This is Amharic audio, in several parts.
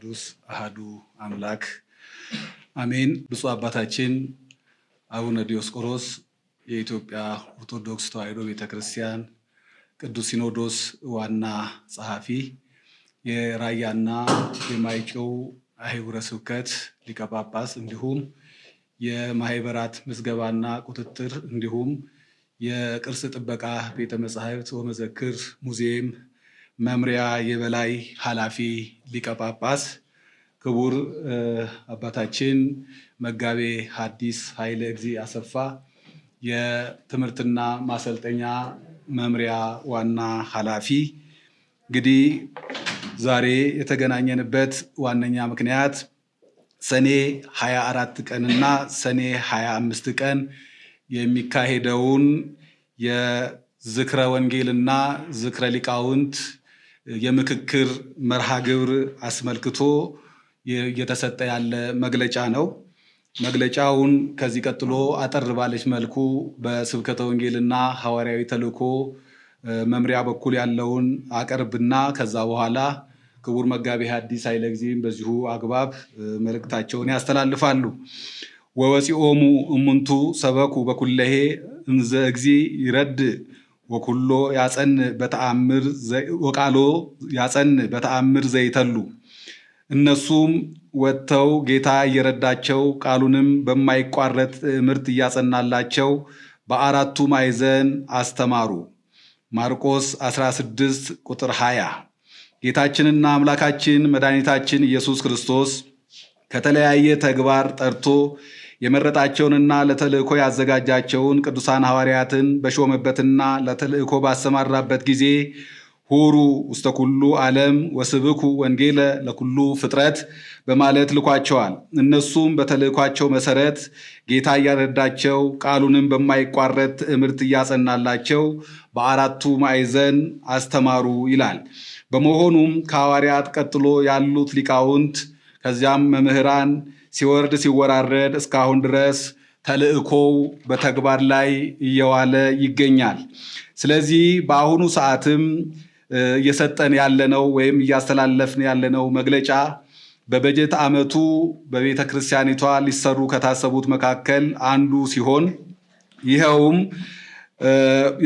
ቅዱስ አህዱ አምላክ አሜን። ብፁዕ አባታችን አቡነ ዲዮስቆሮስ የኢትዮጵያ ኦርቶዶክስ ተዋሕዶ ቤተክርስቲያን ቅዱስ ሲኖዶስ ዋና ጸሐፊ፣ የራያና የማይጨው አህጉረ ስብከት ሊቀ ጳጳስ እንዲሁም የማህበራት ምዝገባና ቁጥጥር እንዲሁም የቅርስ ጥበቃ ቤተ መጻሕፍት ወመዘክር ሙዚየም መምሪያ የበላይ ኃላፊ ሊቀ ጳጳስ ክቡር አባታችን መጋቤ ሐዲስ ኃይለ እግዚ አሰፋ የትምህርትና ማሰልጠኛ መምሪያ ዋና ኃላፊ እንግዲህ ዛሬ የተገናኘንበት ዋነኛ ምክንያት ሰኔ 24 ቀንና ሰኔ 25 ቀን የሚካሄደውን የዝክረ ወንጌልና ዝክረ ሊቃውንት የምክክር መርሃ ግብር አስመልክቶ እየተሰጠ ያለ መግለጫ ነው። መግለጫውን ከዚህ ቀጥሎ አጠር ባለች መልኩ በስብከተ ወንጌልና ሐዋርያዊ ተልእኮ መምሪያ በኩል ያለውን አቀርብና ከዛ በኋላ ክቡር መጋቢ ሐዲስ ኃይለ ጊዜም በዚሁ አግባብ መልእክታቸውን ያስተላልፋሉ። ወወፂኦሙ እሙንቱ ሰበኩ በኩለሄ እንዘ እግዚ ይረድ ወኩሎ ያጸን በተአምር ወቃሎ ያጸን በተአምር ዘይተሉ እነሱም ወጥተው ጌታ እየረዳቸው ቃሉንም በማይቋረጥ ምርት እያጸናላቸው በአራቱ ማዕዘን አስተማሩ። ማርቆስ 16 ቁጥር 20 ጌታችንና አምላካችን መድኃኒታችን ኢየሱስ ክርስቶስ ከተለያየ ተግባር ጠርቶ የመረጣቸውንና ለተልእኮ ያዘጋጃቸውን ቅዱሳን ሐዋርያትን በሾመበትና ለተልእኮ ባሰማራበት ጊዜ ሁሩ ውስተ ኩሉ ዓለም ወስብኩ ወንጌለ ለኩሉ ፍጥረት በማለት ልኳቸዋል። እነሱም በተልእኳቸው መሰረት ጌታ እያረዳቸው ቃሉንም በማይቋረጥ ትምህርት እያጸናላቸው በአራቱ ማዕዘን አስተማሩ ይላል። በመሆኑም ከሐዋርያት ቀጥሎ ያሉት ሊቃውንት ከዚያም መምህራን ሲወርድ ሲወራረድ እስካሁን ድረስ ተልዕኮው በተግባር ላይ እየዋለ ይገኛል። ስለዚህ በአሁኑ ሰዓትም እየሰጠን ያለነው ወይም እያስተላለፍን ያለነው መግለጫ በበጀት ዓመቱ በቤተ ክርስቲያኒቷ ሊሰሩ ከታሰቡት መካከል አንዱ ሲሆን ይኸውም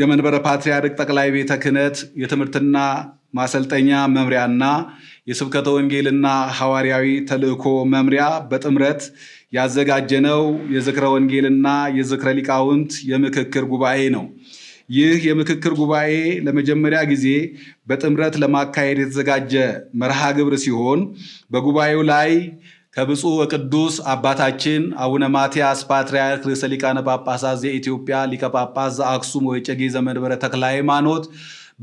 የመንበረ ፓትርያርክ ጠቅላይ ቤተ ክህነት የትምህርትና ማሰልጠኛ መምሪያና የስብከተ ወንጌልና ሐዋርያዊ ተልእኮ መምሪያ በጥምረት ያዘጋጀነው የዝክረ ወንጌልና የዝክረ ሊቃውንት የምክክር ጉባኤ ነው። ይህ የምክክር ጉባኤ ለመጀመሪያ ጊዜ በጥምረት ለማካሄድ የተዘጋጀ መርሃ ግብር ሲሆን በጉባኤው ላይ ከብፁዕ ወቅዱስ አባታችን አቡነ ማትያስ ፓትርያርክ ርዕሰ ሊቃነ ጳጳሳት ዘኢትዮጵያ ሊቀ ጳጳስ ዘአክሱም ወዕጨጌ ዘመንበረ ተክለ ሃይማኖት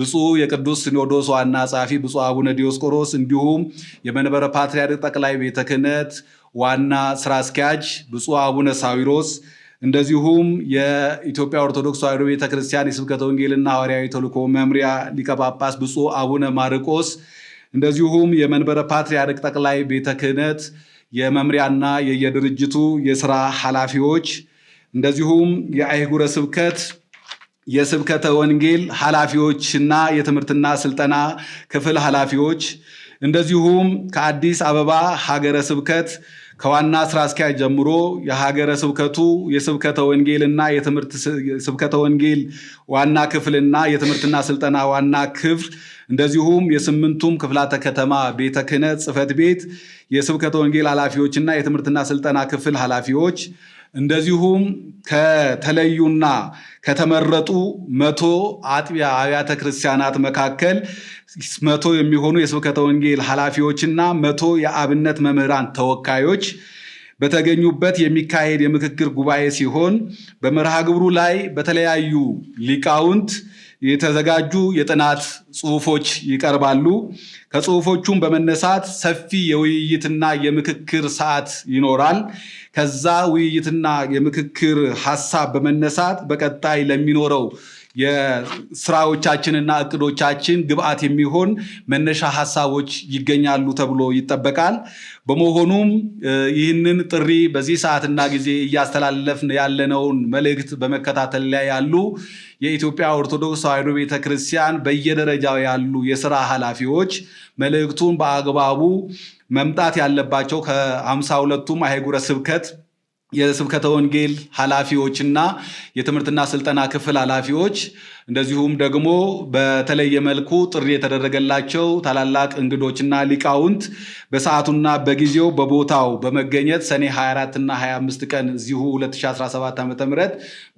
ብፁዕ የቅዱስ ሲኖዶስ ዋና ጸሐፊ ብፁዕ አቡነ ዲዮስቆሮስ እንዲሁም የመንበረ ፓትርያርክ ጠቅላይ ቤተ ክህነት ዋና ስራ አስኪያጅ ብፁዕ አቡነ ሳዊሮስ እንደዚሁም የኢትዮጵያ ኦርቶዶክስ ተዋሕዶ ቤተክርስቲያን የስብከተ ወንጌልና ሐዋርያዊ ተልእኮ መምሪያ ሊቀ ጳጳስ ብፁዕ አቡነ ማርቆስ እንደዚሁም የመንበረ ፓትርያርክ ጠቅላይ ቤተ ክህነት የመምሪያና የየድርጅቱ የስራ ኃላፊዎች እንደዚሁም የአህጉረ ስብከት የስብከተ ወንጌል ኃላፊዎችና የትምህርትና ስልጠና ክፍል ኃላፊዎች እንደዚሁም ከአዲስ አበባ ሀገረ ስብከት ከዋና ስራ አስኪያጅ ጀምሮ የሀገረ ስብከቱ የስብከተ ወንጌልና የትምህርት ስብከተ ወንጌል ዋና ክፍልና የትምህርትና ስልጠና ዋና ክፍል እንደዚሁም የስምንቱም ክፍላተ ከተማ ቤተ ክህነት ጽሕፈት ቤት የስብከተ ወንጌል ኃላፊዎችና የትምህርትና ስልጠና ክፍል ኃላፊዎች እንደዚሁም ከተለዩና ከተመረጡ መቶ አጥቢያ አብያተ ክርስቲያናት መካከል መቶ የሚሆኑ የስብከተ ወንጌል ኃላፊዎችና መቶ የአብነት መምህራን ተወካዮች በተገኙበት የሚካሄድ የምክክር ጉባኤ ሲሆን በመርሃ ግብሩ ላይ በተለያዩ ሊቃውንት የተዘጋጁ የጥናት ጽሁፎች ይቀርባሉ። ከጽሁፎቹም በመነሳት ሰፊ የውይይትና የምክክር ሰዓት ይኖራል። ከዛ ውይይትና የምክክር ሀሳብ በመነሳት በቀጣይ ለሚኖረው የስራዎቻችንና እቅዶቻችን ግብአት የሚሆን መነሻ ሀሳቦች ይገኛሉ ተብሎ ይጠበቃል። በመሆኑም ይህንን ጥሪ በዚህ ሰዓትና ጊዜ እያስተላለፍን ያለነውን መልእክት በመከታተል ላይ ያሉ የኢትዮጵያ ኦርቶዶክስ ተዋሕዶ ቤተ ክርስቲያን በየደረጃው ያሉ የስራ ኃላፊዎች መልእክቱን በአግባቡ መምጣት ያለባቸው ከአምሳ ሁለቱም አህጉረ ስብከት የስብከተ ወንጌል ኃላፊዎችና የትምህርትና ስልጠና ክፍል ኃላፊዎች እንደዚሁም ደግሞ በተለየ መልኩ ጥሪ የተደረገላቸው ታላላቅ እንግዶችና ሊቃውንት በሰዓቱና በጊዜው በቦታው በመገኘት ሰኔ 24 እና 25 ቀን እዚሁ 2017 ዓ ም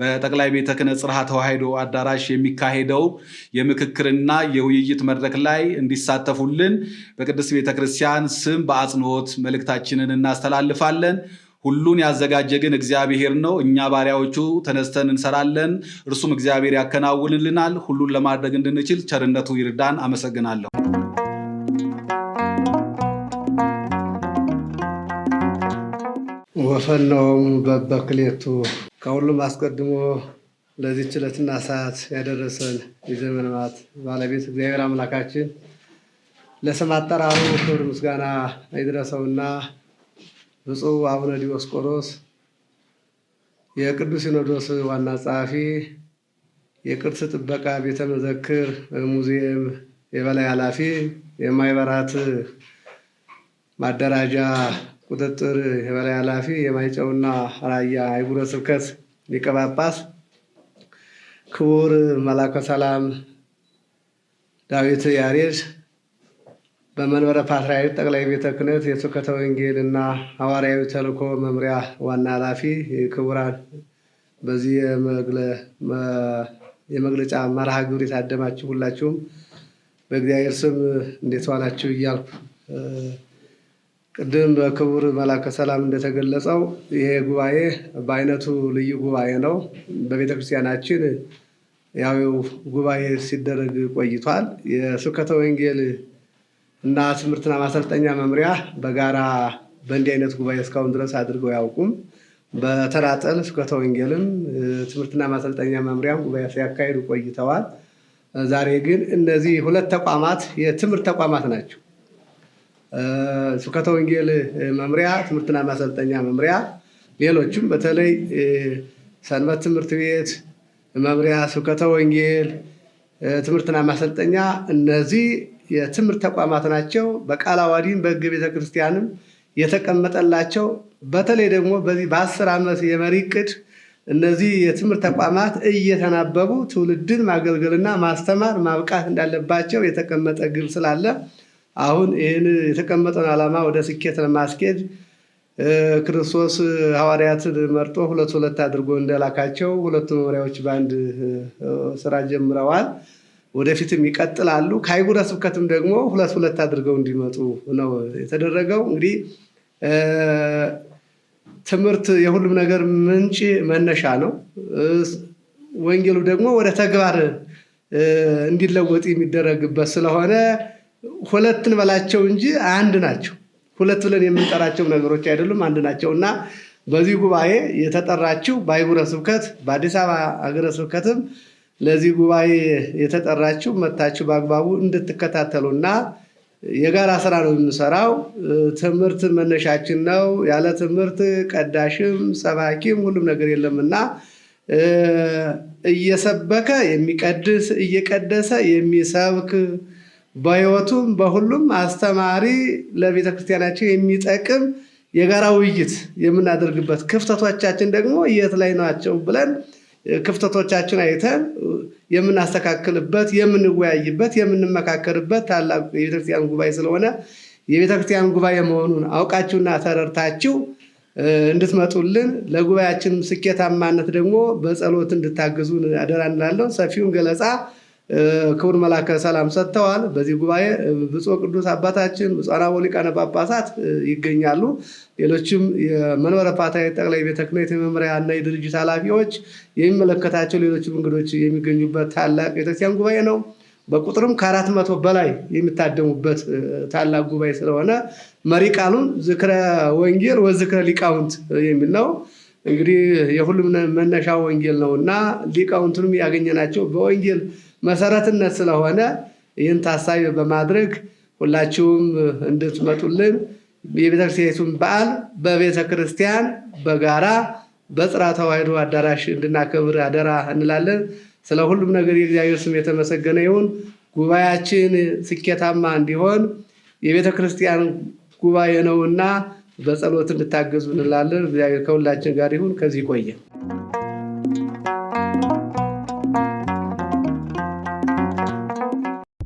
በጠቅላይ ቤተ ክህነት ጽርሐ ተዋሕዶ አዳራሽ የሚካሄደው የምክክርና የውይይት መድረክ ላይ እንዲሳተፉልን በቅድስት ቤተክርስቲያን ስም በአጽንኦት መልእክታችንን እናስተላልፋለን። ሁሉን ያዘጋጀ ግን እግዚአብሔር ነው። እኛ ባሪያዎቹ ተነስተን እንሰራለን፣ እርሱም እግዚአብሔር ያከናውንልናል። ሁሉን ለማድረግ እንድንችል ቸርነቱ ይርዳን። አመሰግናለሁ። ወፈነውም በበክሌቱ ከሁሉም አስቀድሞ ለዚህ ችለትና ሰዓት ያደረሰን የዘመን ማት ባለቤት እግዚአብሔር አምላካችን ለስም አጠራሩ ክብር ምስጋና ይድረሰውና ብፁዕ አቡነ ዲዮስቆሮስ የቅዱስ ሲኖዶስ ዋና ጸሐፊ፣ የቅርስ ጥበቃ ቤተ መዘክር ሙዚየም የበላይ ኃላፊ፣ የማይበራት ማደራጃ ቁጥጥር የበላይ ኃላፊ፣ የማይጨውና ራያ አህጉረ ስብከት ሊቀ ጳጳስ፣ ክቡር መላከ ሰላም ዳዊት ያሬድ በመንበረ ፓትርያርክ ጠቅላይ ቤተ ክህነት የስብከተ እና ሐዋርያዊ ተልእኮ መምሪያ ዋና ኃላፊ ክቡራን፣ በዚህ የመግለጫ መርሃ ግብር የታደማችሁ ሁላችሁም በእግዚአብሔር ስም እንዴት ዋላችሁ እያልኩ ቅድም በክቡር መላከ ሰላም እንደተገለጸው ይሄ ጉባኤ በአይነቱ ልዩ ጉባኤ ነው። በቤተ ክርስቲያናችን ያው ጉባኤ ሲደረግ ቆይቷል። የስብከተ ወንጌል እና ትምህርትና ማሰልጠኛ መምሪያ በጋራ በእንዲህ አይነት ጉባኤ እስካሁን ድረስ አድርገው አያውቁም። በተራጠል ስብከተ ወንጌልም ትምህርትና ማሰልጠኛ መምሪያም ጉባኤ ሲያካሂዱ ቆይተዋል። ዛሬ ግን እነዚህ ሁለት ተቋማት የትምህርት ተቋማት ናቸው። ስብከተ ወንጌል መምሪያ፣ ትምህርትና ማሰልጠኛ መምሪያ፣ ሌሎችም በተለይ ሰንበት ትምህርት ቤት መምሪያ፣ ስብከተ ወንጌል፣ ትምህርትና ማሰልጠኛ እነዚህ የትምህርት ተቋማት ናቸው። በቃለ ዓዋዲም በሕገ የተቀመጠላቸው በተለይ ደግሞ በዚህ በአስር ዓመት የመሪ ዕቅድ እነዚህ የትምህርት ተቋማት እየተናበቡ ትውልድን ማገልገልና ማስተማር ማብቃት እንዳለባቸው የተቀመጠ ግብ ስላለ አሁን ይህን የተቀመጠን ዓላማ ወደ ስኬት ለማስኬድ ክርስቶስ ሐዋርያትን መርጦ ሁለት ሁለት አድርጎ እንደላካቸው ሁለቱ መምሪያዎች በአንድ ስራ ጀምረዋል። ወደፊትም ይቀጥላሉ። ከአይጉረ ስብከትም ደግሞ ሁለት ሁለት አድርገው እንዲመጡ ነው የተደረገው። እንግዲህ ትምህርት የሁሉም ነገር ምንጭ መነሻ ነው። ወንጌሉ ደግሞ ወደ ተግባር እንዲለወጥ የሚደረግበት ስለሆነ ሁለት እንበላቸው እንጂ አንድ ናቸው። ሁለት ብለን የምንጠራቸው ነገሮች አይደሉም፣ አንድ ናቸው እና በዚህ ጉባኤ የተጠራችው በአይጉረ ስብከት በአዲስ አበባ አገረ ስብከትም ለዚህ ጉባኤ የተጠራችሁ መታችሁ በአግባቡ እንድትከታተሉ እና የጋራ ስራ ነው የምንሰራው። ትምህርት መነሻችን ነው። ያለ ትምህርት ቀዳሽም ሰባኪም ሁሉም ነገር የለምና እየሰበከ የሚቀድስ እየቀደሰ የሚሰብክ በህይወቱም በሁሉም አስተማሪ ለቤተ ክርስቲያናችን የሚጠቅም የጋራ ውይይት የምናደርግበት ክፍተቶቻችን ደግሞ የት ላይ ናቸው ብለን ክፍተቶቻችን አይተን የምናስተካክልበት፣ የምንወያይበት፣ የምንመካከርበት ታላቅ የቤተክርስቲያን ጉባኤ ስለሆነ የቤተክርስቲያን ጉባኤ መሆኑን አውቃችሁና ተረድታችሁ እንድትመጡልን ለጉባኤያችን ስኬታማነት ደግሞ በጸሎት እንድታግዙ አደራ እንላለን። ሰፊውን ገለጻ ክቡር መላከ ሰላም ሰጥተዋል። በዚህ ጉባኤ ብፁዕ ቅዱስ አባታችን ብፁዓን አበው ሊቃነ ጳጳሳት ይገኛሉ። ሌሎችም የመንበረ ፓትርያርክ ጠቅላይ ቤተ ክህነት የመምሪያ እና የድርጅት ኃላፊዎች፣ የሚመለከታቸው ሌሎችም እንግዶች የሚገኙበት ታላቅ ቤተክርስቲያን ጉባኤ ነው። በቁጥርም ከአራት መቶ በላይ የሚታደሙበት ታላቅ ጉባኤ ስለሆነ መሪ ቃሉን ዝክረ ወንጌል ወዝክረ ሊቃውንት የሚል ነው። እንግዲህ የሁሉም መነሻ ወንጌል ነው እና ሊቃውንቱንም ያገኘናቸው በወንጌል መሰረትነት ስለሆነ ይህን ታሳቢ በማድረግ ሁላችሁም እንድትመጡልን የቤተክርስቲያኒቱን በዓል በቤተክርስቲያን በጋራ በጽራ ተዋሕዶ አዳራሽ እንድናከብር አደራ እንላለን። ስለ ሁሉም ነገር የእግዚአብሔር ስም የተመሰገነ ይሁን። ጉባኤያችን ስኬታማ እንዲሆን የቤተ ክርስቲያን ጉባኤ ነውና በጸሎት እንድታገዙ እንላለን። እግዚአብሔር ከሁላችን ጋር ይሁን። ከዚህ ይቆየን።